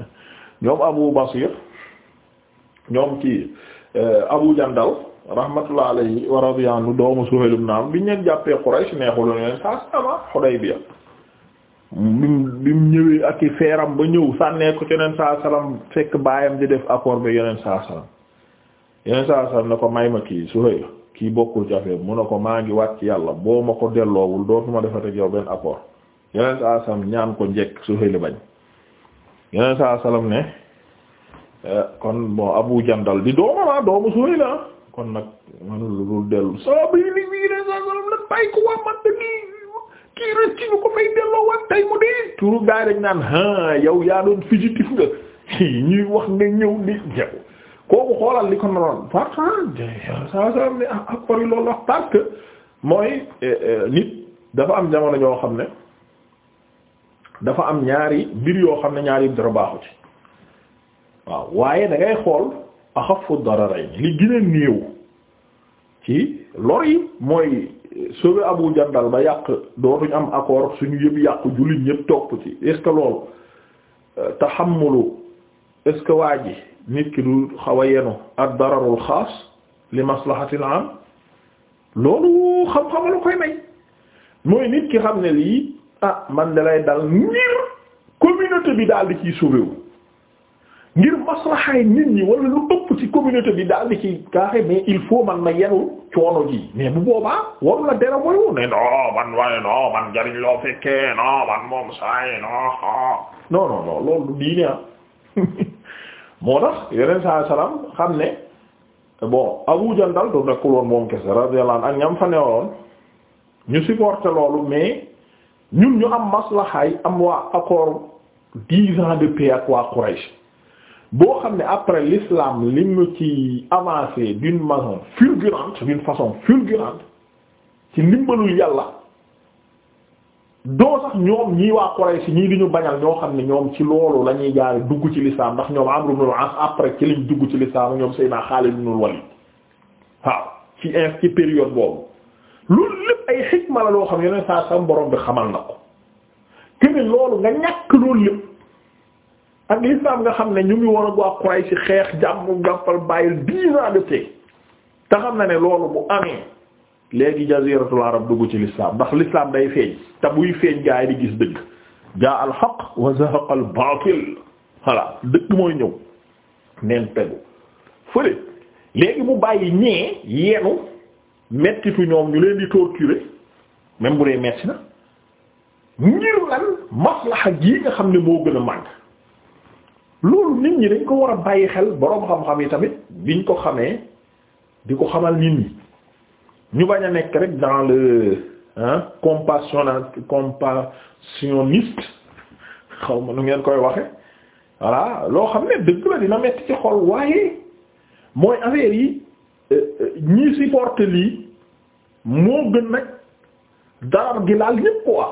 ñoom Abu Basir ñoom kii euh, Abu Jandal rahmatullah alayhi wa radiyallahu doomu Suhayl ibn bi ñeen jàppee Quraysh neexul leen saa sama Hudaybiya bi mu ñëwee ak i feeram ba ñëw sànnee ko ci yeneen saa salaam fekk baayam di def accord bi yeneen saa salaam yeneen ne ko may ma kii Suhayl kii bokkul ci affaire mu ne ko maa ngi wàcc yàlla boo ma ko delloowul dootuma defa ak yow benn accord yeneen saa ñaan ko njekk Suhayl bañ yeneen saa salaam ne eh, kon bon Abu Jandal di doomama ah, doomu Suhayl la ah. kon nag manul lu dul dellu saaba yi ni bii yeneen saa salaam nag bàyyi ko waa man nii kii rek ci ñu ko fay delloo waat tey mu dee turu gaay dañ naan ha yow yaa doon fugitif nga ñuy wax nga ñëw di ñëw kooku xoolal li ko naroon ah, loolu wax mooy eh, eh, nit dafa am jamono ñoo xam ne dafa am ñaari mbir yoo xam ne ñaari dara baaxu waaw waaye da ngay xool axafu dararayn li gën a néew ci lor yi mooy sauver Abu Jandal ba yàq dootuñ am accord suñu yëpp yàqu jullit ñëpp topp ci est-ce que loolu euh, taxamulu est waa ji nit ki du xaw a yenu ad dararul xaas li maslahatil loolu xam-xama la koy may mooy nit ki xam ne lii ah man de lay dal ngir communauté bi daal di ciy sauvé wu ngir maslahaay nit ñi wala lu ëpp ci bi daal di ciy gaaxe mais il faut man ma yenu coono ji mais bu boobaa waru la dera moyu ne non man waaye non man jariñ loo fekkee non man moom saay non non non non loolu du diine ah moo tax yeneen saa salaam xam ne bon Abu Jandal du nekkuloon moom kese radiyallahu anhu ak ñam fa newoon ñu loolu mais ñun ñu am maslahaay am waa accord dix ans de paix ak waa Quraysh boo xam ne après lislaam li mu ci avancé d'une façon fulgurante d'une façon fulgurante ci ndimbalul yàlla doo sax ñoom ñii waa Quraysh ñii di ñu bañal ñoo xam ne ñoom ci loolu la ñuy jaare dugg ci l'islam ndax ñoom am ibn al-As après ci liñ dugg ci l'islam ñoom Seydina Khalid ibn al-Walid waaw ci in période boobu loolu lépp ay xikma la loo xam yeneen saa sam borom bi xamal na ko kene loolu nga ñàkk loolu lépp ak lislaam nga xam ne ñu ngi war a waa Quraysh si xeex jàmm gàmpal bàyyil dix ans te xam na ne loolu bu amee léegi jaziratul arab dugg ci lislaam ndax lislaam day feeñ te buy feeñ gaa yi di gis dëgg jaa al haqq wa zahaqa al baatil voilà dëgg mooy ñëw neen tegu fële léegi mu bàyyi ñee yeenu mettitu ñoom ñu leen di torturer même bu dee metti na ngir lan maslaxa gi nga xam ne moo gën a màgg loolu nit ñi dañ ko war a bàyyi xel boroom xam-xam yi tamit biñ ko xamee di ko xamal nit ñi ñu bañ a nekk rek dans le hein compassionna compassionniste xaw ma nu ngeen koy waxe voilà loo xam ne dëgg la dina metti ci xol waaye mooy affaire yi ñii supporte lii moo gën nag darar gi laal ñépp quoi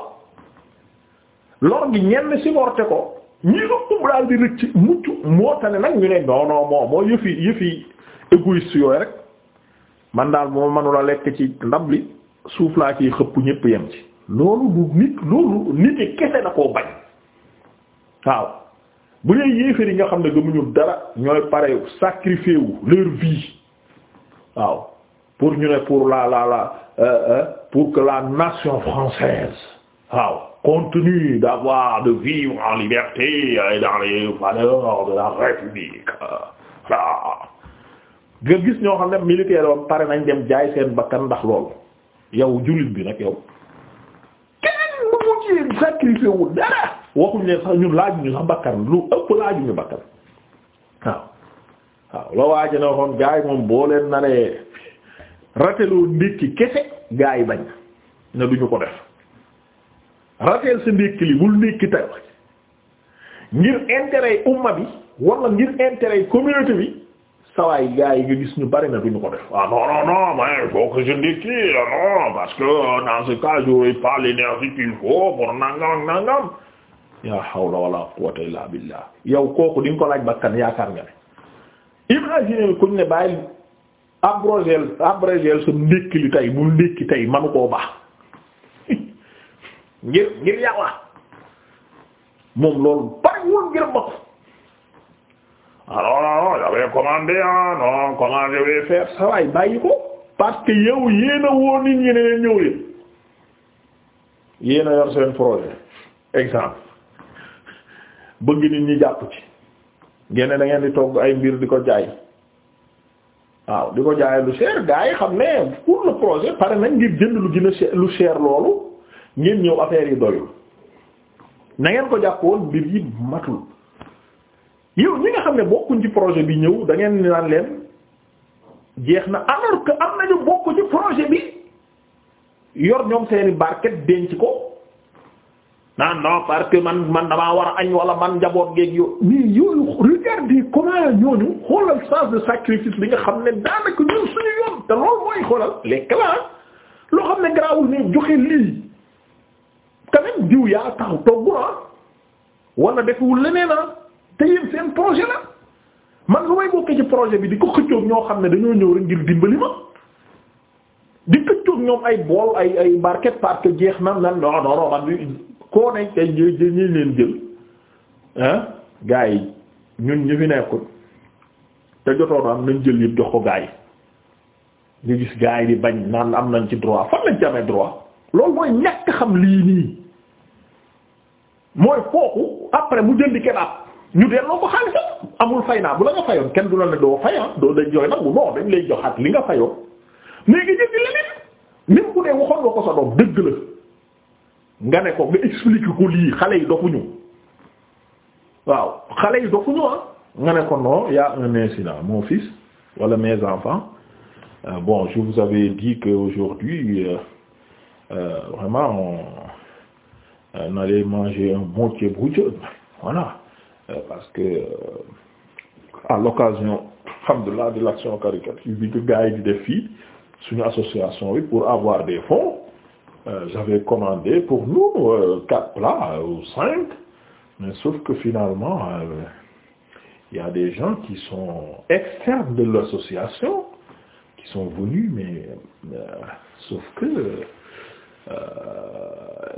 lor gi ñenn supporte ko ñii ëpp daal di rëcc mucc moo tane nag ñu ne non non moo moo yëfi yëfi égoïste yooyu rek man daal moo mënula lekk ci ndab li suuf laa ciy xëpp ñépp yem ci loolu du nit loolu nit kese da koo bañ waaw bu dee yéeféer yi nga xam ne gëmuñu dara ñooy pare sacrifier wu leur vie waaw pour ñu ne pour la la la euh, euh, pour que la nation française waaw continue d'avoir de vivre en liberté et dans les valeurs de la République waaw euh, nga gis ñoo xam ne militaire yoon pare nañ dem jaay seen bakkan ndax lool yow jullit bi nag yow kenn mu mujjee sacrifice wu dara waxuñ ne sax ñun laajuñu sax bakkan lu ëpp laajuñu bakkan waaw waaw la waaja ne waxoon gaa moom boo leen naree rateloo ndékki kese gaa bañ na duñu ko def rateel sa ndékki li bul ndékki tay ngir intérêt umma bi wala ngir intérêt communauté bi sawaay gaa nga gis ñu bari na duñu ko def ah non non non mais il ndékki parce que dans ce cas j'aurai pas l'énergie qu'il faut pour nangam nangam yaa hawla wala quwwata illa billah yow kooku di ko laaj bakkan yaakaar nga ne imagine kuñ ne bàyyi abrogel abrogel sa ndékki li tey bul ndékki tey manu koo baax ngir ngir yàlla moom loolu bariwul ngir ma ko alors non j'avais commandé ah non comment je vais faire ça waay bàyyi ko parce que yow yéena woo nit ñi ne leen ñëw leen yéena yor seen projet exemple bëgg nit ñi jàpp ci ngeen da ngeen di togg ay mbir di ko jaay waaw di ko jaay lu cher gars yi xam ne pour le projet pare nañ ngir jënd lu gën a lu cher loolu ngeen ñëw affaire yi doyul na ko jàpp woon mbir yi matul yow ñi nga xam ne bokkuñ ci projet bi ñëw dangeen ngeen naan leen jeex na alors que am nañu ci projet bi yor ñoom seeni barket denc ko. naan non parce que man man damaa war a añ wala man njaboot geeg yo mais yooyu regardez comment ñooñu xoolal sens de sacrifice bi nga xam ne daanaka ñun suñu yoon te loolu mooy xoolal les clans loo xam ne garaawul ne joxe lii quand même diw yaa taxaw togg naa ah, wala deful leneen ah te yéen seen projet la man lu may bokkee ci projet bi di ko xëccoog ñoo xam ne dañoo ñëw rek ngir dimbali ma. di xëccoog ñoom ay bool ay ay barquette parce que jeex na nan non non non koo nañ kay jë jë ñu jël ah gaa yi ñun ñu fi nekkul te jotoon am nañ jël yëpp jox ko gaa yi ñu gis gaa yi di bañ naan am nañ ci droit fan lañ ci amee droit loolu mooy ñàkk xam lii nii mooy foofu après mu jëndi kebaab ñu delloo ko xaalis amul fay naa bu la nga fayoon kenn du la ne doo fay ah, doo dañ joxe nag non dañ lay joxaat li nga fayoon mais nga jëndi leneen même bu dee waxoon ko sa doom dëgg la. nga ne ko nga explique ko lii xale yi dofuñu waaw xale yi dofuñu ah nga ne ko non y a un incident mon fils wala mes enfants euh, bon je vous avais dit que aujourd'hui euh, euh, vraiment on, on allait manger un bon ceebu voilà euh, parce euh, à l'occasion alhamdulillah de l'action caritative bi que gars yi di def fii suñu association bi pour avoir de fonds Euh, j'avais commandé pour nous euh, quatre plats ou cinq mais sauf que finalement euh, il y a des gens qui sont externes de l'association qui sont venus mais sauf que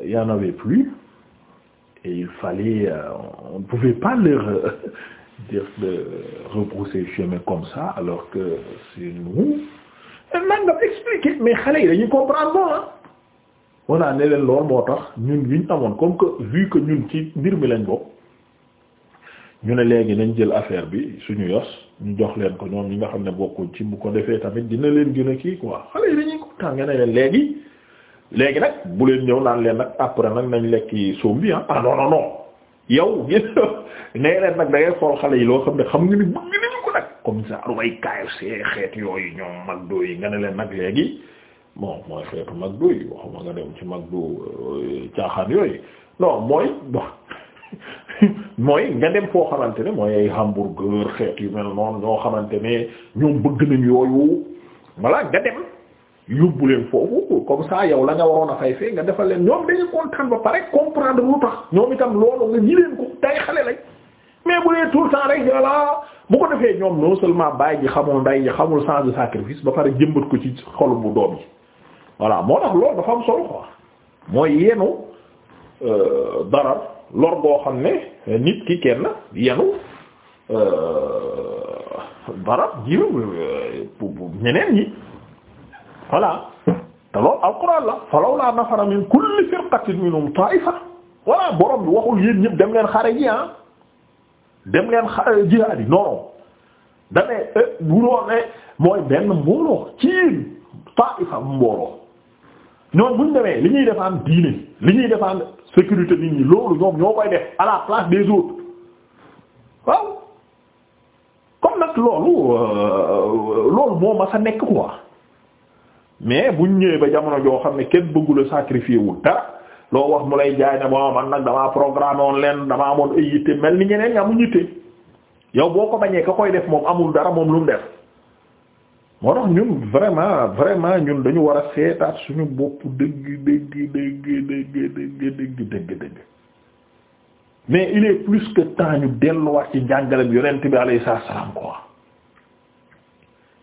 il y en avait plus et il fallait on ne pouvait pas leur dire chemin comme ça alors que c'est nous man nga expliquer mais xale yi dañuy on a ne leen lool moo tax ñun ñu amoon comme que vu que ñun ci mbir mi lañ bokk ñu ne léegi nañ jël affaire bi suñu yos ñu jox leen ko ñoom ñi nga xam ne bokkuñ ci bu ko defee tamit dina leen gën a kii quoi xale yi dañuy kontaan nga ne leen léegi léegi nag bu leen ñëw naan leen nag après nag nañ lekk soom bi ah ah non yow gis nee leen nag da xool xale yi loo xam ne xam nga ni bëgg nañu ko nag comme ça way KFC xeet yooyu ñoom mag doo yi nga ne leen nag léegi. bon mooy xeetu mag du yi waxuma nga dem ci mag du euh, caaxaan yooy non mooy bon mooy nga dem foo xamante ne mooy ay hamburger xeet yu mel noonu ñoo xamante ne ñoom bëgg nañ yooyu voilà nga dem yóbbu leen foofu comme ça yow la nga waroon a fay fee nga defal leen ñoom dañu kontaan ba pare comprendre lu tax ñoom itam loolu nga ñi leen ko tay xale lañ mais bu dee tout le temps rek voilà bu ko defee ñoom non seulement baay ji xamul nday ji xamul change de ba pare jëmbat ko ci xolu bu doom voilà moo tax loolu dafa am solo quoi mooy yenu euh, dara lor goo xam ne nit ki kenn yenu euh, dara jiw euh, ñeneen ñi voilà te loolu alquran la falawla nafara min kulli firqatin minhum ta'ifa voilà borom bi waxul yéen ñëpp dem leen xare ji ah dem bu doon ne mooy benn mbooloo ci yéen ta'ifa mbooloo. ñoom buñ demee li ñuy def am diine li ñuy defaa am sécurité nit ñi loolu ñoom ñoo koy def à la place des autres waaw comme nag loolu euh, loolu moo ma sa nekk quoi mais buñ ñëwee ba jamono joo xam ne kenn bëggula sacrifier wul dara loo wax mu lay jaay ne bon man nag damaa programme woon leen damaa amoon ay yitte mel ni ñeneen ña yitte yow boo ko bañee ka koy def moom amul dara moom lu mu def moo tax ñun vraiment vraiment ñun dañu war a seetaat suñu bopp dëgg dëgg dëgg dëgg dëgg dëgg dëgg mais il est plus que temps ñu delluwaat ci njàngalem yonent bi alayhi salaam quoi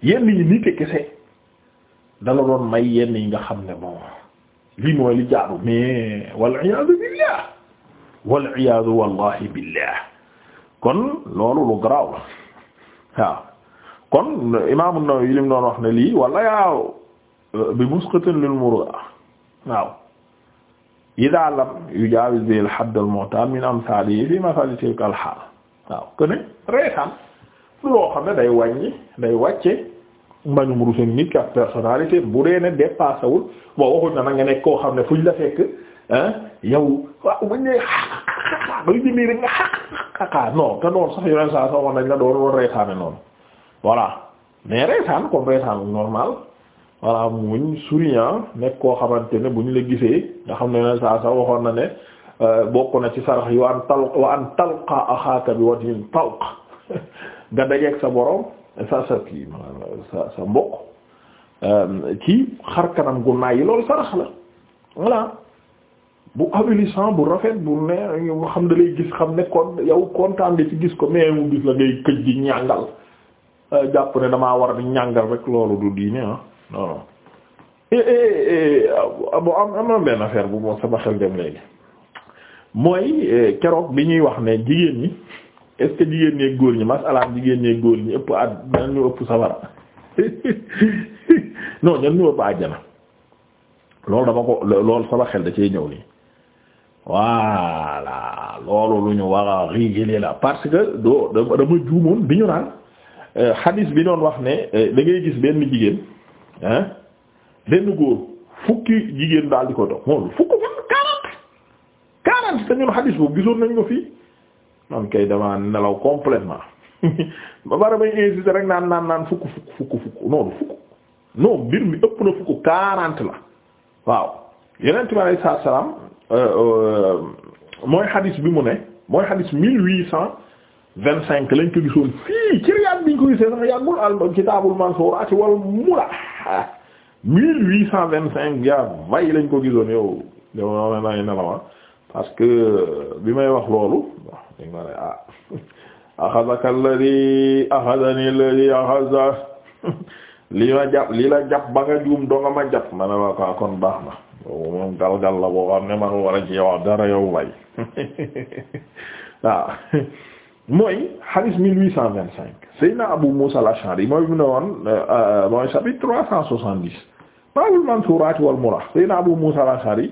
yenn yi nit kese dala doon may yenn yi nga xam ne moom lii mooy li jaaru mais wal iyaadu billah wal iyaadu wallahi billah kon loolu lu garaaw la kon Imaam An-Nawawi li doon wax ne lii wala yaa bi musqatin lil mur'a waaw idaa lam yujaawiz bihi al-hadd al-mu'taad min amsaalihi fi mathali tilka waaw kon ne loo xam ne day wàññi day wàcce mbañum ruusam nit ki ak personnalité bu dee ne dépassé wul boo waxuñ na nag nekk koo xam ne fuñ la fekk yow waaw buñ nee xaaxaaxaa ba ñu te noonu sax yeneen saa sax wax nañ la doon war reetaane noonu. voilà mais reetaan comme reetaan normal voilà muñ souriant ah, nekk koo xamante ne bu ñu la gisee nga xam ne yoneen saa sax waxoon na ne euh, bokk na ci sarax yi an tal wa an talqa axaaka bi watin talq nga dajeeg sa borom sa sa kii sa sa mbokk euh, ci xar kanam gu naay loolu sarax la voilà bu avilissant bu rafet bu ne xam da lay gis xam ne kon yow kontaan ci gis ko mais mu gis la ngay këj di ñàngal Euh, jàpp ne damaa war di ñàngal rek loolu du diine ah non non bon eh, eh, eh, bu moom sama xel dem léegi mooy keroog bi ñuy wax ne jigéen ñi est jigéen ñee góor ñi masalaam jigéen ñee góor ñi ëpp at ñan ëpp safara non ñan ëpp àjjana loolu dama ko loolu sama xel da cee ñëw nii voilà loolu lu ñu war a réguler la parce que doo dama juumoon bi ñu naan xadis euh, bi doon wax ne euh, da gis benn jigéen ah benn góor fukki jigéen daal ko dox moom fukk fan quarante quarante te xadis boobu gisoon nañ ko fii man kay damaa nelaw complètement ba bara may insister rek naan naan fukk fukk fukk fukk noonu fukk non mbir mi ëpp na fukk quarante la waaw yeneen bi alei salaam euh, mooy xadis bi mu ne mooy xadis mille huit cent vingt cinq lañ ko gisoon fii ci biñ ko gisee sax yàggul al kitaabul mansuuraati wal mulah mille huit cent vingt cinq yaa vay lañ ko gisoon yow yow noonu naa nelawa ah, parce que bi may wax loolu wax dañ ma ne ah axazaka alladhi axazani alladhi axaza li ma jàpp li la jàpp ba nga juum doo nga ma jàpp ah, baax na yow moom galgal la boo xam ne man war a ci wax dara yow way waaw mooy hadith 1825 Seydina Abu Musa al-Ash'ari mooy mu ne woon euh, mooy chapitre 370 baabul mansuuraati wal murah Seydina Abu Musa al-Ash'ari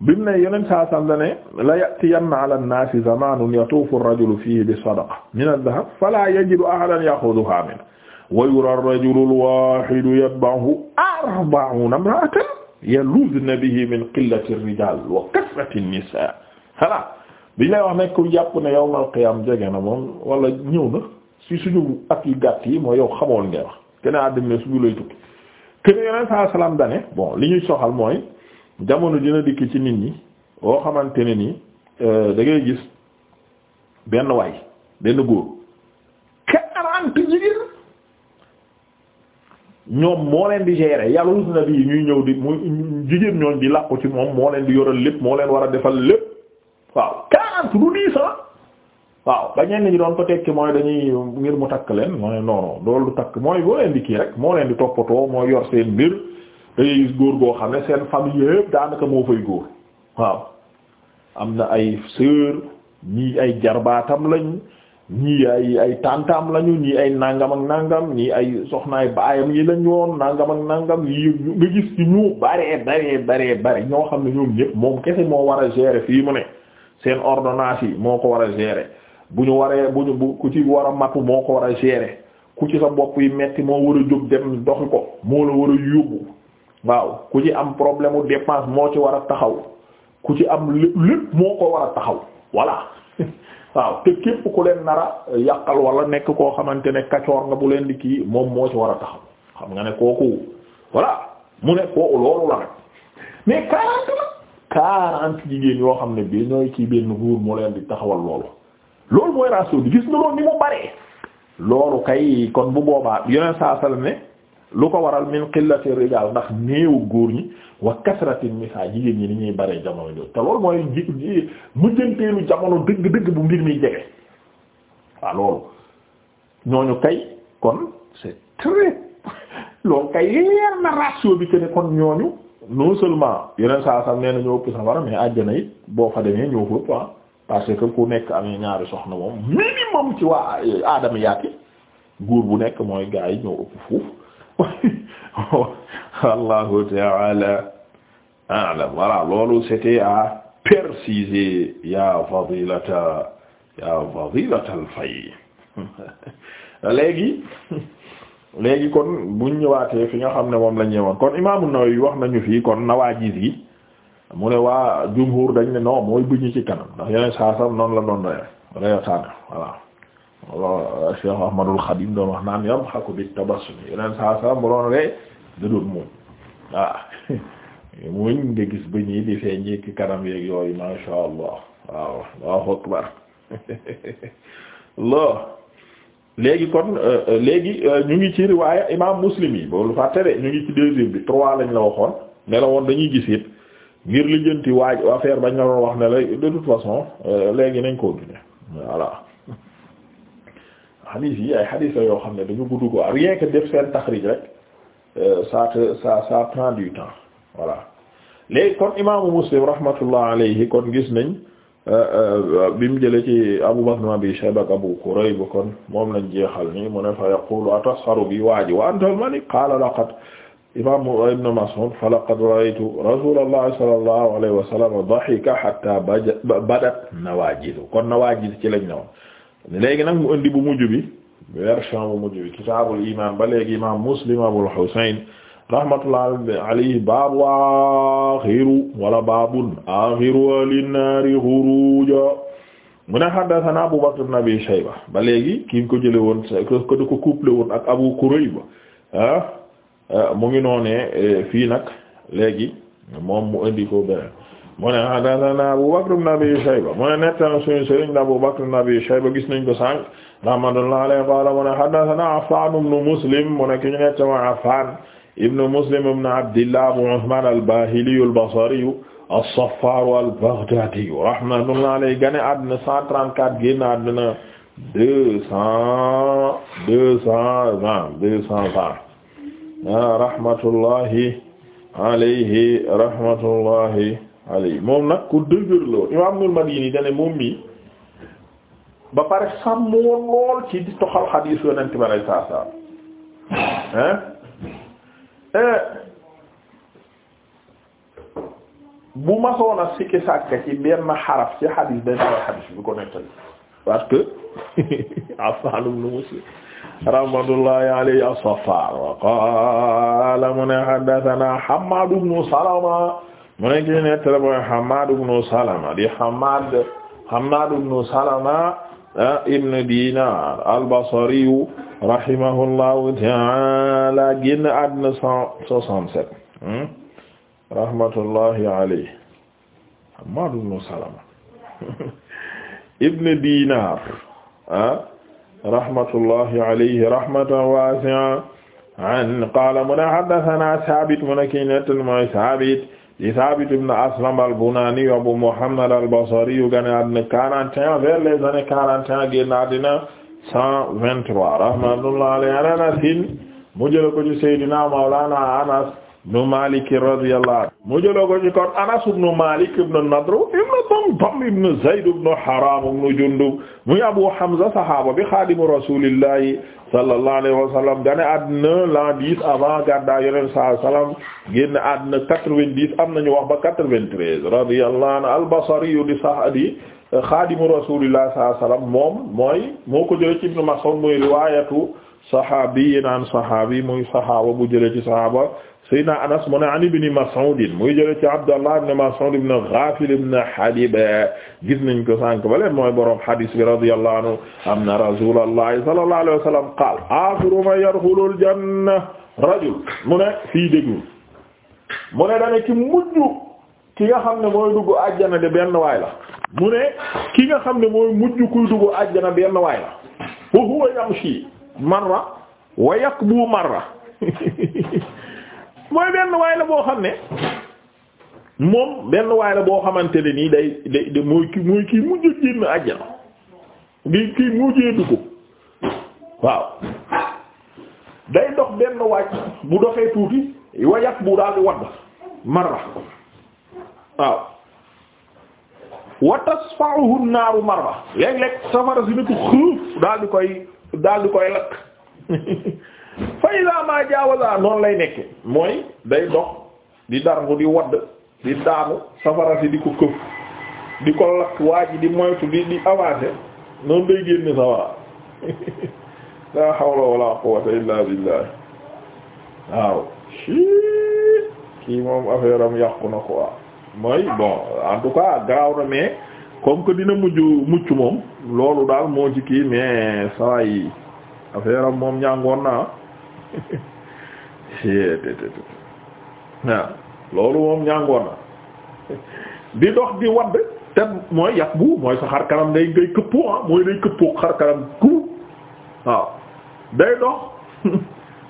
bi mu ne yeneen saa sàmm da ne la ya'tiyanna ala an-naasi zamaanun yatuufu ar-rajulu fiihi bi-sadaqa min ad-dhahab falaa yajidu ahadan ya'khudhuhaa minhu wa yuraa ar-rajulu al-waahidu yatba'uhu arba'uuna imra'atan yaluuzna bihi min qillati ar-rijaal wa kasrati an-nisaa' biñ lay wax nekk ku jàpp ne yawmal qiyaam jege na moom wala ñëw na si suñu at yu gàtt yi mooy yow xamoon ngay wax kenn àddina suñu lay tukki kenn yeneen saa salaam dane bon li ñuy soxal mooy jamono dina dikk ci nit ñi boo xamante ne ni euh, dangay gis benn waay benn góor quarante jigéen yàlla ñuy ñëw di jigéen ñooñ di làqu ci moom moo leen di yoral lépp moo leen war a defal lépp waaw quarante du dix ans waaw ba ñenn ñi doon ko tekki mooy dañuy ngir mu takk leen mooy non non loolu du takk mooy boo leen di kii rek moo leen di toppatoo moo yor seen mbir da góor goo xam ne seen famille yëpp daanaka moo fay góor waaw am na ay sœur ñii ay jarbaatam lañ ñii ay ay lañu ñii ay nangam ak nangam ñii ay soxnaay baayam yi lañ woon nàngam ak nangam yi nga gis ci ñu bare bare bare ñoo xam ne ñoom ñëpp moom kese moo war a gérer fii mu ne. seen ordonnance yi moo ko war a gérer bu ñu waree bu ñu bu ku ci war a matu moo ko war a gérer ku ci sa bopp yi metti moo war a jóg dem doxi ko moo la war a yóbbu waaw ku ci am problème u dépense moo ci war a taxaw ku ci am lépp lépp moo ko war a taxaw voilà waaw te képp ku leen nara yàqal wala nekk koo xamante ne kacoor nga bu leen di kii moom moo ci war a taxaw xam nga ne kooku voilà mu ne kooku loolu la rek mais quarante la quarante jigéen yoo xam ne bii ñooy ci benn góor moo leen di taxawal loolu loolu mooy ratio bi gis nga loolu ni mu baree loolu kay kon bu boobaa yeneen saa sala ne lu ko waral min qillati rijal ndax néewu góor ñi wa kasratin nisaa jigéen ñi ni ñuy bare jamono jooju te loolu mooy ji mujjanteelu jamono dëgg-dëgg bu ngir mi jege waaw loolu ñooñu kay kon c'est très loolu kay leer na ratio bi que ne kon ñooñu. non seulement yeneen saa sam nee na ñoo ëpp safara mais àjjana it boo fa demee ñoo fa ëpp ah. parce que ku nekk amee ñaari soxna moom minimum ci waa aadama eh, yaati góor bu nekk mooy gaa yi ëpp foofu wallahu ta'ala a'lam voilà loolu c'était à préciser ya fadilata ya fadilata al léegi léegi kon buñ ñëwaatee fi nga xam ne moom la ñëwoon kon imaamu Nawawi wax nañu fii kon nawaajiz yi mu ne waa jumhur dañ ne non mooy bu ci kanam ndax yeneen saa sam noonu la doon rey reyotaane voilà wala Cheikh Ahmadul Xadim doon wax naan yam xaku bi tabassum yeneen saa sam mu doon rey da doon muñ voilà muñ nga gis bëñ yi di feeñ ci kanam yooyu ma Allah waaw Allahu akbar Allah léegi kon euh, euh, léegi euh, ñu ngi ci riwaaya imam muslim yi boolu fàttere ñu ngi ci deuxième bi trois lañ la waxoon ne dañuy gis it ngir lijjanti waaj affaire bañ la doon wax ne la de toute façon léegi nañ ko continuer voilà xadiis yi ay xadiis la yoo xam ne dañu gudd ko rien que def seen taxrij rek ça te ça ça prend du temps léegi kon imaamu muslim rahmatullah alayhi kon gis nañ Euh, euh, bi mu jëlee ci Abu Bakr ibn Abi Shayba ak Abu Kurayb kon moom lañ jeexal ni mu ne fa yaqulu atasharu bi waaji wa anta al-malik qaala laqad imam ibn Mas'ud fa laqad ra'aytu Rasulullah sallallahu alayhi wa sallam dahika hatta badat nawaajidu kon nawaajid ci lañ ne woon léegi nag mu indi bu mujj bi version bu mujj bi kitaabul iman ba léegi imam Muslim Abul Husayn rahmatullahi alayhi baab waaxiru wala baabun axiru alinnaari xuruja mu ne haddathana Abu Bakr ibn Abi Shayba ba léegi ki ko jële woon ko da ko couple woon ak Abu Kurayba ah, ah mu ngi noonee eh, fii nag léegi moom mu indi ko beneen mu ne haddathana Abu Bakr ibn Abi Shayba mu ne nettana suñu sëriñ Abu Bakr ibn Abi Shayba gis nañ ko sànq rahmatullahi alayhi mu ne haddathana Affan ibn Muslim mu ne ki ñu nettama Affan ibnu muslim ibnu abdillah abu usman al-bahiliyu al-basriyu as-saffaaru al-baghdaadiyu rahmatullahi alayhi gane àddina 134 génn àddina 200 220 220 rahmatullahi alayhi rahmatullahi alayhi moom nag ku dëgër loo imaamul Madini dane moom mi ba pare sàmmoon lool ci di toxal xadiis yonent bi alayhi salaam Eh. bu masoon a sikki sàkk ci benn xaraf ci xadiis benn xadiis bi ko nettali parce que Affan ibn Muslim rahmatullahi alayhi as-Saffar wa qaala mu ne haddathana Salama mu ne ki nettali mooy Hammad ibn Salama di Hammad Hammad Salama eh, ibn Dinar al-Basri rahimahullahu ta'ala génn àdduna cent soixante-sept hmm? rahmatullahi alayhi Hammaad ibn Salama ibn Dinar ah? rahmatullahi alayhi rahmatan wasi'a an qaala mu ne haddathana Saabit mu ne kii nettan mooy Saabit di Saabit ibn Aslam al-Bunaani Abu Muhammad al-Basri yu gane àdduna quarante et un vers les années quarante et un génn àdduna cent vingt-trois rahmatullah alayhi an anasin mu jëla ko ci Seydina Mawlana Anas ibn Malik radiyallahu mu jëla ko ci kon Anas ibn Malik ibn Nadr ibn Damdam ibn Haram ibn Jundub muy Abu Hamza sahaba bi xadimu rasulillahi sallallahu alayhi wa sallam gane àddina l'an dix avant gaddaa yoneen saa sallam génn quatre-vingt-dix am nañu wax ba quatre-vingt-treize radiyallahu anhu al-Basri di sax di xaadimu rasuulillah sallallahu alayhi wasallam moom mooy moo ko jëlee ci Ibnu Mas'ud muy riwaayatu saxaabiyin an saxaabi muy saxaaba bu jëlee ci saxaaba Seydina Anas mu ne an Ibni Mas'ud muy jëlee ci Abdallah ibn Mas'ud ibn Ghafil ibn Halib gis nañ ko sànq ba léegi mooy borom hadis bi radiyallahu anhu anna rasuulallahi sallallahu alayhi wasallam qaala aaxiru man yadxulul janna rajul mu ne fii déglu mu ne da ci mujj ki nga xam ne mooy dugg àjjana de benn waay la. mu ne ki nga xam ne mooy mujj kuy duggu àjjana benn waay la wa huwa yamshi marra wa yakbu marra mooy benn waay la boo xam ne moom benn waay la boo xamante ne nii day day day mooy ki mooy kii mujj génn àjjana di kii mujjee duggu waaw day dox benn waaj bu doxee tuuti wa yakbu daal di wadd waaw wa tasfa'uhu naaru marra léeg-léeg safara si nitu xuuf daal di koy daal di koy lakk fa iza ma jaawaza noonu lay nekk mooy day dox di darngu di wadd di daanu safara si di ko këf di ko lakk waa di moytu di di avancer noonu day génne safara la hawla wala quwwata illa waaw kii moom affaire yàqu na quoi mooy bon en tout cas garaaw na mais comme que dina mujj mucc moom loolu daal moo ci kii mais saa yi moom ñàngoon naa eh, ah, loolu moom ñàngoon na di dox di wadd te mooy yàq bu mooy sa xar kanam ngay ngay këppoo ah, mooy day këppoo xar day dox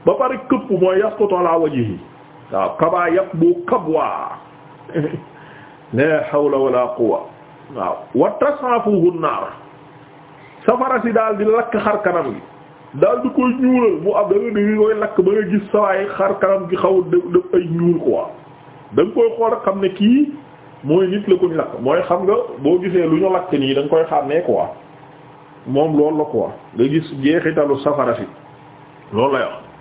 ba pare këpp mooy yàq ko tollaa waji yi waaw kabaa yàq bu kabwaa la hawla wala quwwa waaw wa tasrafuhu naar safara si daal di lakk xar kanam gi daal di koy ñuulal mu am da nga di koy lakk ba nga gis sawaay xar kanam gi xaw def def ay ñuul quoi da koy xool xam ne kii mooy nit la kuñ lakk mooy xam nga boo gisee lu ñu lakk nii da nga koy xàmmee quoi moom lool la quoi nga gis jeexitalu safara si loolu la wax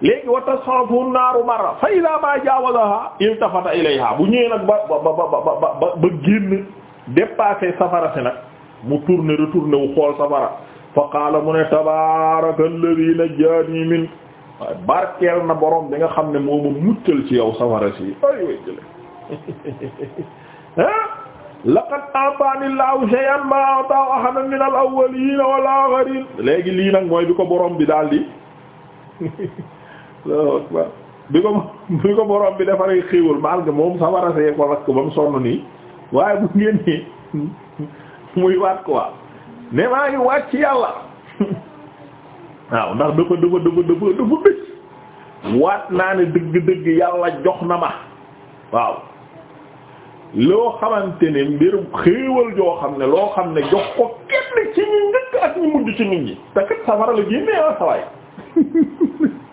léegi wa tasxafu naaru marra fa idaa maa jaawazahaa iltafata ilayhaa bu ñëwee nag ba ba ba ba ba ba génn dépassé safara si nag mu tourné retourné wu xool safara fa mu ne tabaaraka alladii najjaanii min waaye barkeel na borom bi nga xam ne moo ma muccal ci yow safara si ay way jële ah laqad a'taani llaahu shay'an maa a'taa ahadan min al-awwaliina wal-aaxiriin léegi lii nag mooy bi ko borom bi daldi bi ko bi ko borom bi defaree xiiwul malgré moom sawara see ko lakk ba mu sonn nii waaye bu ngeen muy waat quoi ne maa ngi waat ci yàlla waaw ndax dafa dafa dafa dafa dafa waat naa ne dëgg-dëgg yàlla jox na ma waaw loo xamante ne mbir xéewal joo xam ne loo xam ne jox ko kenn ci ñu njëkk ak ñu mujj ci nit ñi te kat sawara la génnee waa ah, sawaay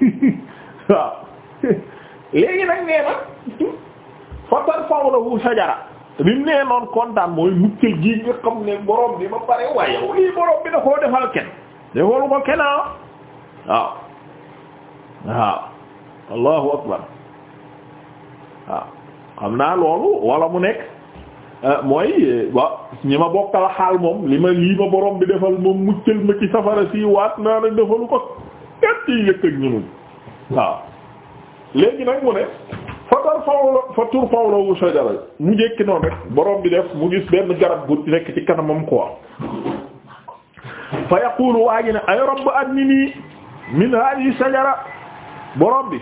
waaw léegi nag nee na fa tarfa'u lahu sajara li nee noon kontaan mooy muccal gi nga xam ne borom bi ba pare waaye lii borom bi da koo defal kenn defalu ko kenn ah waaw waaw allahu akbar waaw xam naa loolu wala mu nekk eh, mooy eh, waaw ñi ma bokkal xaal moom li ma lii ma borom bi defal moom muccal ma ci safara si waat naa ne defalu ko ñépp yi yëkk ak ñu muñ waaw léegi nag mu ne fa tar fawla fa tur fawla wu mu njëkki noonu rek borom bi def mu gis benn garab gu nekk ci kanamam quoi fa yaqulu waa ji ne ay rabb adnini min hadhihi sajara borom bi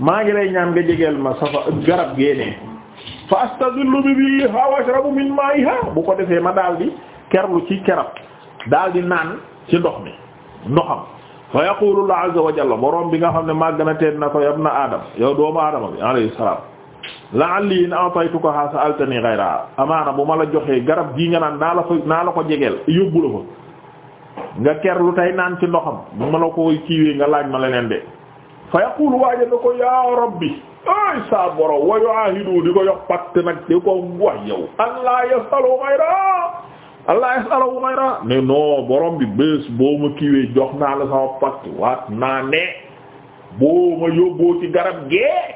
maa ngi lay ñaan nga jegeel ma safa garab génnee fa astazillu bi dhillaha wa ashrabu min ma'iha bu ko defee ma daal di kerlu ci kerab daldi naan ci ndox mi ndoxam fa yaqulu allah azza wa jalla borom bi nga xam ne màgg na teen na ko yab na aadama yow doomu aadama bi alayhi salaam la'alli in a'taytukaha sa'altani ghayra amaana bu ma la joxee garab gii nga naan naa la ko naa la ko jegeel yóbbu la ko nga kerlu tey naan ci ndoxam bu ma la ko kiiwee nga laaj ma leneen de fa yaqulu waaja na ko yaa rabbi ay saa borom wa yu'ahidu di ko yox patt nag di ko wax yow an yasalu ghayra allah yasalahu xayra ne noo borom bi bés boo ma kiiwee jox naa la sama pacte waat naa ne boo ma yóbboo ci garab gee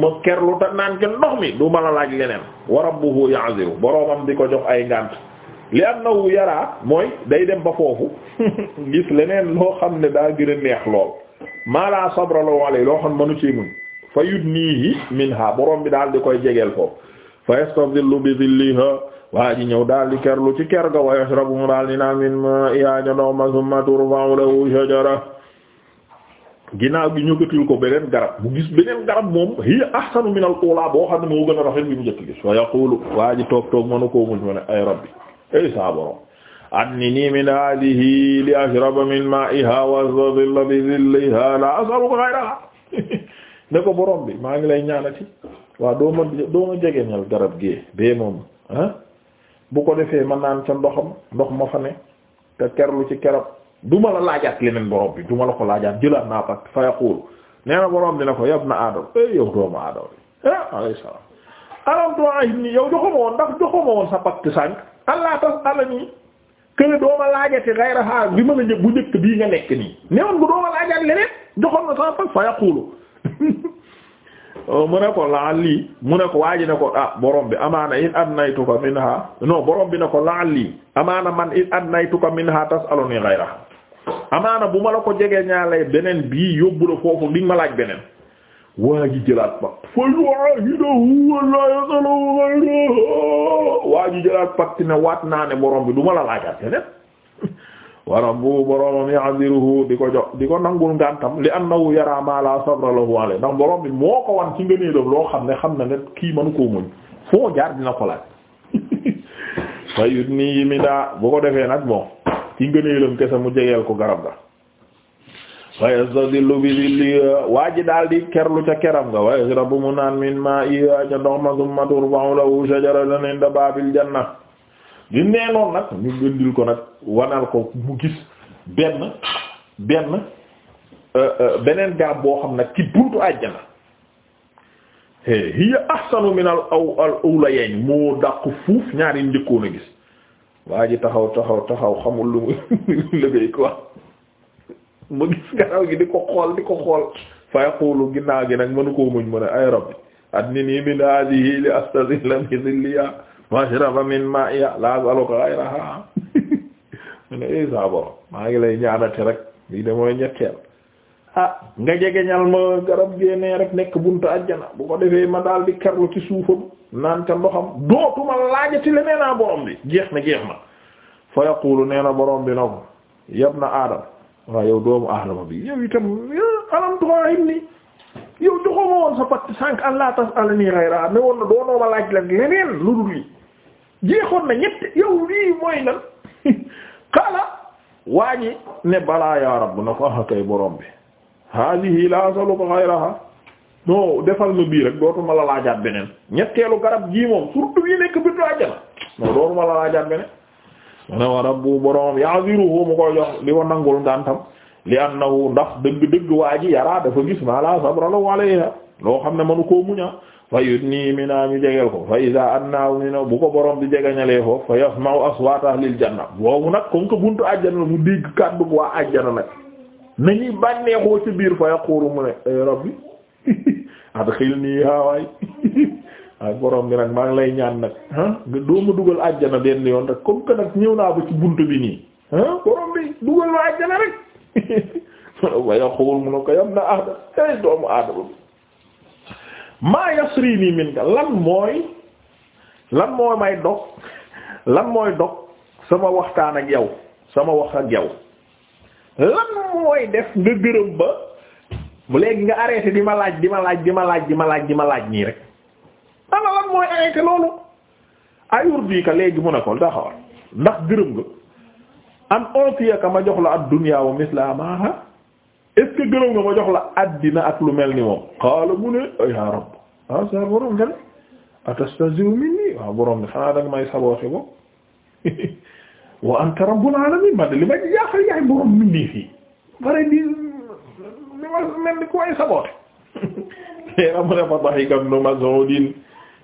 ma kerlu ta naan ke ndox mi du ma la laaj leneen wa rabbuhu ya'ziru boromam di ko jox ay ngànt li annahu yaraa mooy day dem ba foofu gis leneen loo xam ne daal gi a neex lool maa laa sabra lahu alayhi loo xam manu ci muñ fa yudnihi minha borom bi daal di koy jegeel foofu fa yastadhillu bi dhilliha waa ji ñëw daal di kerlu ci ker ga wa yashrabu mu daal di naan min yaa ja ndox ma summa turfa'u lahu shajara ginnaaw gi ñëkkatil ko beneen garab mu gis beneen garab moom hiya ahsanu minal ula boo xam ne moo gën a rafet bi mu njëkk gis waa ji toog toog mënu koo muñ ma ne ay rabbi ay saa borom annini min hadihi li ashraba min ma'iha wa astadilla bi zilliha la as'aluka ghayraha ne ko borom bi maa ngi lay ñaanati waaw doo ma doo bu ko defee man naan sa ndoxam ndox ma fa ne te kerlu ci keroog duma ma la laajaat leneen borom bi du la ko laajaat jëlaat naa pat fa yaqulu nee na borom dina ko yab na aadama eh yow doomu aadama bi ah alayhi salaam alam tu ahidni yow joxuma woon ndax joxuma woon sa pacte sànq allah tas alani kële dooma laajate gayra xaar bi ma la njëkk bu njëkk bii nga nekk nii. newoon bu dooma laajaat leneen joxoon na sa pacte fa yaqulu Euh, mu ne ko laal lii mu ne ko waaji ne ko ah borom bi amaana in adnaytuka minha non borom bi ne ko laal lii amaana man in adnaytuka minha tas'aluni ghayraha amaana bu ma la ko jege ñaalee beneen bii yóbbu la foofu liñ ma laaj beneen waa ji jëlaat pacte fa yu'ahidahu wa la yas'aluhu ghayraha waa ji jëlaat pacte ne waat naa ne boroom bi duma la laajaat beneen wa bu boroomam ya'ziruhu di ko jox di ko nangul ngàntam li annahu yara ma la sabra lahu ale ndax borom bi moo ko wan ci ngëneelam loo xam ne xam na ne kii mënu koo muñ foo jaar dina ko laaj fayut nii mi daa bu ko defee nag bon ci ngëneelam kese mu jegeel ko garab ga wa yastadillu bi dilli waa ji daal di kerlu ca keram nga wa yashrabu mu naan min ma'iha ca ndox ma summa turfa'u lahu shajaratan inda babil janna bi nee noonu nag ñu gëndil ko nag wanal ko mu gis benn benn euh, euh, beneen gaab boo xam nag ci buntu àjjana hiya ahsanu min al aw al awlayayn moo dàq fuuf ñaari njëkkoon a gis waa ji taxaw taxaw taxaw xamul lu mu liggéey quoi mu gis garaw gi di ko xool di ko xool fa yaqulu ginnaaw gi nag mënu koo muñ mu ne ay rabbi adnini min hadihi li astazilla bi dhilliha mashraba min ma ya la saluka ghayraha mu ne eh, maa ngi lay ñaanate rek lii de mooy ñetteel ah nga jegeñal ma garab génnee rek nekk buntu àjjana bu ko defee ma daal di kerlu ci suufam naan ca ndoxam dootuma laajati le nee naa borom bi jeex na jeex na fa yaqulu nee borom bi na ko yab na aadama waaw yow doomu aadama bi yow itam eh, alam tuxaahim ni yow joxoma woon sa patt sànq an la tas alani ghayra ne woon na doonoo ma laaj la leneen lu dul li jeexoon na ñett yow lii mooy lan xaala waa ñi ne balaa yaa rabb na ko ah kay borom bi hadihi la asaluka ghayraha non defal ma bii rek dootuma la laajaat beneen ñetteelu garab gii moom surtout yi nekk bi ajjana non dootuma la laajaat beneen mane wa rabbu borom ya'ziruhu mu koy jox di ko nangul ngantam li annahu ndax dëgg dëgg waa yaraa dafa gis ma la sabra lahu alayha loo xam ne manu koo muña fa yudnii minaa ñu jegeel ko fa iza annaahu minaa bu ko borom bi jegañalee foofu fa yasma'u aswaata ahlil janna boobu nag kon ko buntu àjjana la mu dégg kàddu waa àjjana nag nañuy bànneexoo ci biir fa yaqulu borom bi nag maa ngi lay ñaan nag ah nga doo ma dugal àjjana benn yoon rek comme que nag ñëw naa ba ci buntu bi nii ah borom bi dugal ma àjjana rek fa yaqulu mu ne ko yam na aadama ay doomu aadama bi maa yasri nii min nga lan mooy lan mooy may dog lan mooy dog sama waxtaan ak yow sama wax ak yow lan mooy def nga gërëm ba bu léegi nga arrêté di ma laaj di ma laaj di ma laaj di ma laaj di ma laaj nii rek ana lan mooy arrêté loolu ayur bii léegi mun a ko daa ndax gërëm nga an ontiya ka ma jox la ad dunya wa mislaha est-ce que gërëm jox la addina ak lu mel ni moom mu ne ya rabb ah sa borom nga ne atastahzi'u minni waaw borom bi xanaa danga may saboote bo wa anta rabbul alamin ma li ma jaaxal yaay borom minni fii bare di ma mel ni ku way saboote mu ne fa dahika ibnu Mas'udin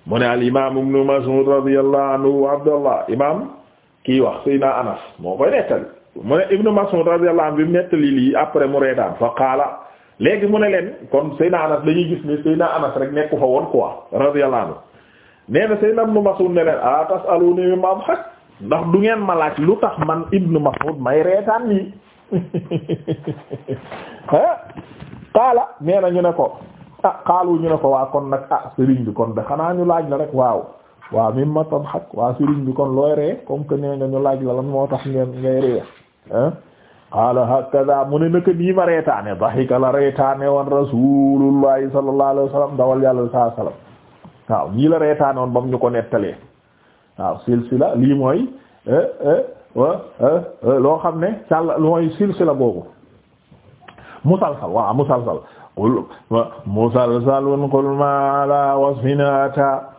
mu ne al imam ibnu Mas'ud radiyallahu anhu wa abdallah imam kii wax Seydina Anas moo koy nettali mu ne Ibnu Mas'ud radiyallahu anhu bi nettali lii après mu reetaan fa qaala léegi mu ne leen kon Seydina Anas dañuy gis ne Seydina Anas rek nekku fa woon quoi radiyallahu anhu nee na Seydina Ibnu Mas'ud ne leen ah tas'aluni mimma adhak ndax du ngeen ma laaj lu tax man Ibnu Mas'ud may reetaan lii ah qaala nee na ñu ne ko ah qaalu ñu ne ko waa kon nag ah sëriñ bi kon de xanaa ñu laaj la rek waaw. waaw mimma tadhak waa sëriñ bi kon looy ree comme que nee nga ñu laaj la lan moo tax ngeen qaala hakada mu ne naka nii ma reetaane dahika la reetaane woon rasulullahi sallallahu alayhi wa sallam dawal yàlla saa sallam waaw nii la reetaane woon bam ñu ko nettalee waaw silsila lii mooy eh, eh, eh, loo xam ne càll mooy silsila boobu musalsal waaw musalsal qul musalsalun qul ma ala wasfin ata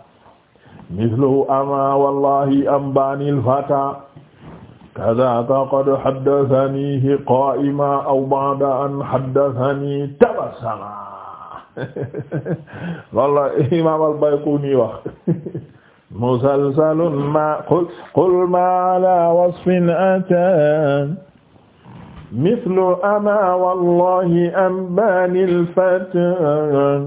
mithluhu ama wallahi ambanil fata kazaaka qad haddathanihi qaa'ima aw ba'da an haddathani tabasama walla imaam al-Bayquni wax musalsalun ma qul ma ala wasfin atan mithlu ama wallahi anbani al-fatan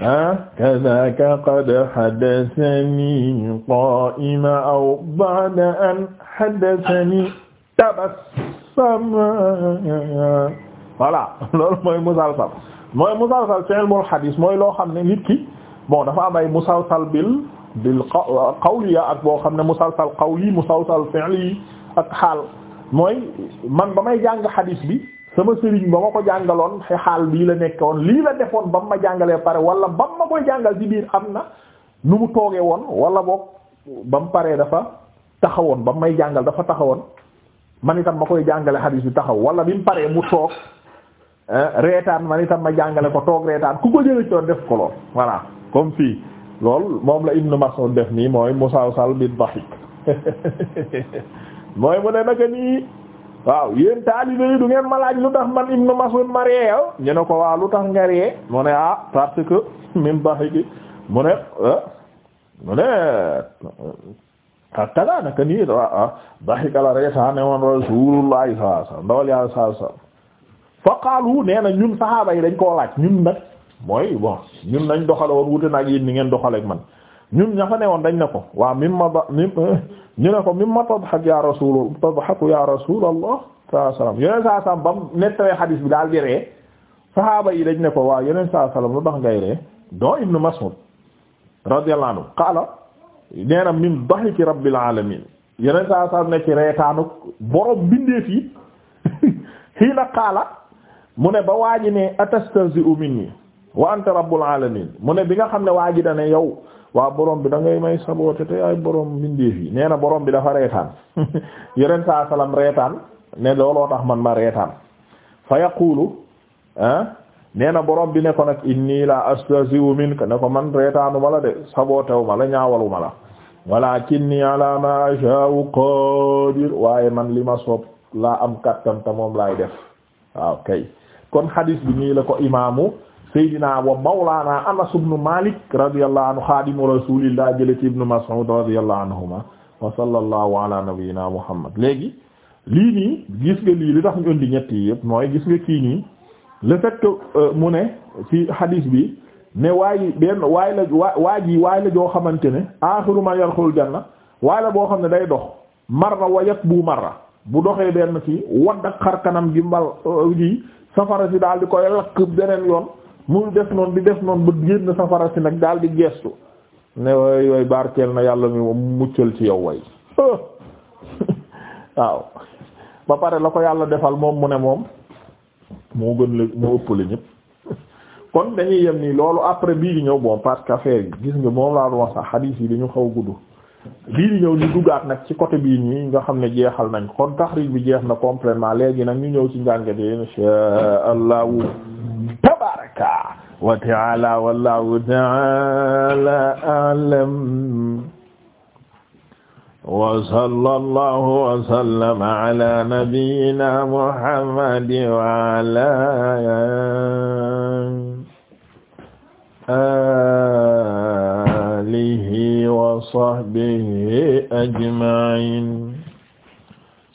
kadaka qad haddasani qaa'ima aw ba'da an haddasani tabassama voilà loolu mooy musalsal mooy musalsal ci ilmul hadis mooy loo xam ne nit ki bon dafa am ay musalsal bil bil qawliya ak boo xam ne musalsal qawli musalsal fi'li ak xaal mooy man ba may jàng hadis bi. sama sëriñ ba ma ko jàngaloon xaal bii la nekkoon lii la defoon ba mu ma jàngalee pare wala ba mu ma koy jàngal ci biir am na nu mu toogee woon walla boog ba mu paree dafa taxawoon ba mu may jàngal dafa taxawoon man itam ma koy jàngale xadiis bi taxaw wala bi mu paree mu toog eh, reetaan man itam ma jàngale ko toog reetaan ku ko jëlee coon def ko lool voilà kom fii lool moom la Ibn Mas'ud def nii mooy musawsal bi dahik mooy mu ne naka nii waaw yéen taalibe yi du ngeen ma laaj lu tax man Ibnu Mas'ud ma ree ah, ñu ne ko waaw lu tax nga ree mu ne ah parce que min dahiki mu ne ah, mu ne hakada ah, naka nii dahika la reetaane woon Rasuulullahi sallallahu alayhi wasallam ndawal Yàlla sallallahu alayhi wasallam fa qaalu nee na ñun saxaaba yi dañ koo laaj ñun nag mooy bon ñun nañ doxale woon wute nag yéen ni ngeen doxaleek man ñun ña fa woon dañ ne ko waaw mim ma ba ñu ne ko mim ma tadhak ya rasul tadhaku ya rasul allah saa salaam yeneen saa ba mu nettawee xadiis bi daal di ree saxaaba yi dañ ne ko waaw yeneen saa salaam lu tax ngay ree don ibnu mas'ud radiyallahu anhu qaala nee na min dahiki rabbil alamin yeneen saa ne ci reetaanu borom bindee fii hiina qaala mu ne ba waaji ne atastahzi'u minni wa anta rabbul alamin mu ne bi nga xam ne waaji da ne yow waa borom bi da ngay may saboote te ay borom mbindeef yi nee na borom bi dafa reetaan yeneen saa salaam reetaan ne looloo tax man ma reetaan fa yaqulu ah nee na borom bi ne ko nag inni la astaziu minka ne ko man reetaanu ma la de sabootewu ma la ñaawalu ma la walakinni ala ma asha'u qadir waaye man li ma soob laa am kattan moom laay def waaw kay kon hadis bi nii la ko imaamu Seydina wa Mawlana Anas ibn Malik radiyallahu anhu xaadimu rasulillah jële ci ibn Mas'ud radiyallahu anhuma wa sallallahu ala nabiyyina Muhammad léegi lii nii gis nga lii li tax ñu indi ñett yi yëpp mooy gis nga kii nii le fait que euh, mu ne ci hadis bi ne waayi benn waay la waa waa ji waay la joo xamante ne aaxiru man yarxul janna waay la boo xam ne day dox marra wa yakbu marra bu doxee benn fii wadd ak xar kanam gi mbal euh, gi safara si daal di koy lakk beneen yoon mu def noonu di def noonu ba génn safara si nag daal di gestu ne way way barkeel na yàlla mi moom muccal ci yow way waaw ba pare la ko yàlla defal moom mu ne moom moo gën la mu ëpp la ñëpp kon dañuy yem nii loolu après bii di ñëw bon parce que affaire gis nga moom laa doon wax sax xadiis yi dañu xaw gudd bii di ñëw ñu duggaat nag ci côté bii nii nga xam ne jeexal nañ kon taxrij bi jeex na complètement léegi nag ñu ñëw ci njàngat yi insha allahu tabaraka wa taala wallahu taala a'lam wa sallallahu wa sallama ala nabiyyina muhammadin wa ala alihi wa sahbihi ajma'in